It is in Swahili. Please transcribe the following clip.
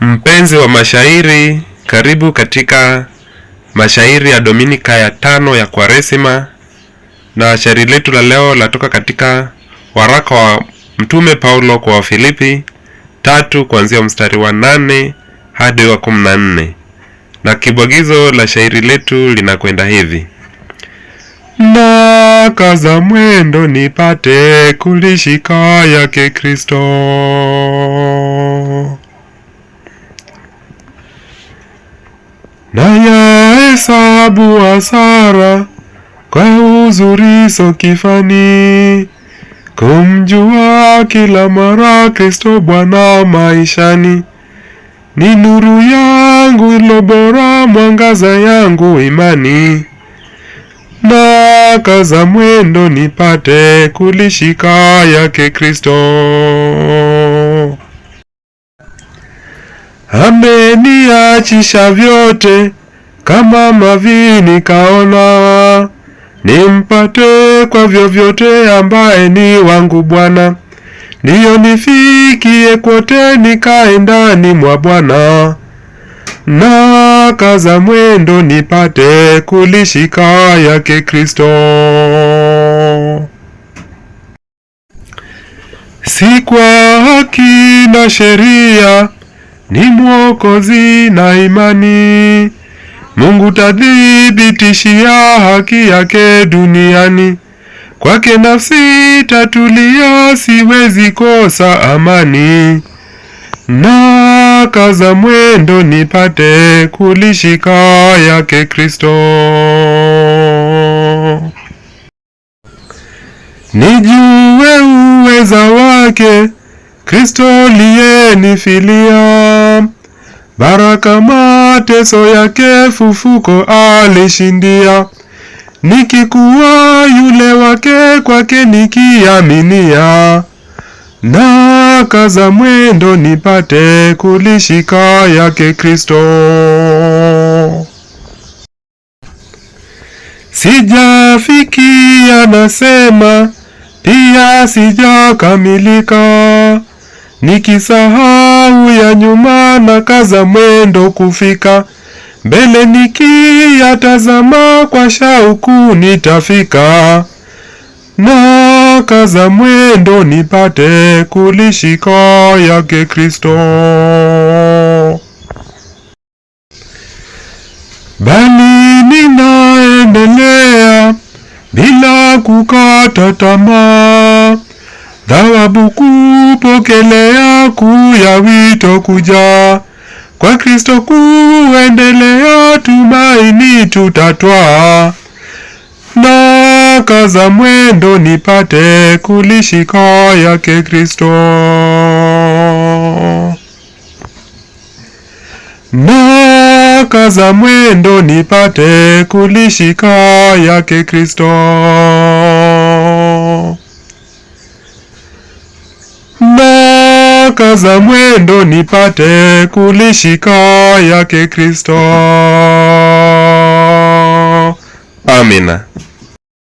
Mpenzi wa mashairi, karibu katika mashairi ya Dominika ya tano ya Kwaresima, na shairi letu la leo latoka katika waraka wa Mtume Paulo kwa Wafilipi tatu kuanzia mstari wa nane hadi wa kumi na nne na kibwagizo la shairi letu linakwenda hivi: na kaza mwendo nipate kulishika yake Kristo hesabu hasara kwa uzuri kifani kumjua kila mara Kristo Bwana maishani, ni nuru yangu ilo bora, mwangaza yangu imani, na kaza mwendo nipate kulishika yake Kristo. Ameniachisha vyote kama mavi nikaona, nimpate kwa vyovyote ambaye ni wangu Bwana, ndiyo nifikie kote nikae ndani mwa Bwana. Na kaza mwendo nipate kulishika yake Kristo. Si kwa haki na sheria, ni Mwokozi na imani Mungu tadhibitishia haki yake duniani, kwake nafsi tatulia, siwezi kosa amani. Na kaza mwendo nipate kulishika yake Kristo, nijue uweza wake Kristo liye nifilia Baraka mateso yake fufuko alishindia, nikikuwa yule wake kwake nikiaminia, na kaza mwendo nipate kulishika yake Kristo. Sijafikia nasema, pia sijakamilika, nikisahau ya nyuma na kaza mwendo kufika mbele nikiyatazama kwa shauku nitafika, na kaza mwendo nipate kulishika yake Kristo. Bali ninaendelea bila kukata tamaa sababu kupokelea kuya ya wito kuja kwa Kristo kuendelea, tumaini tutatwaa na kaza mwendo nipate kulishika yake Kristo, na kaza mwendo nipate kulishika yake Kristo. baraka za mwendo nipate kulishika yake Kristo. Amina.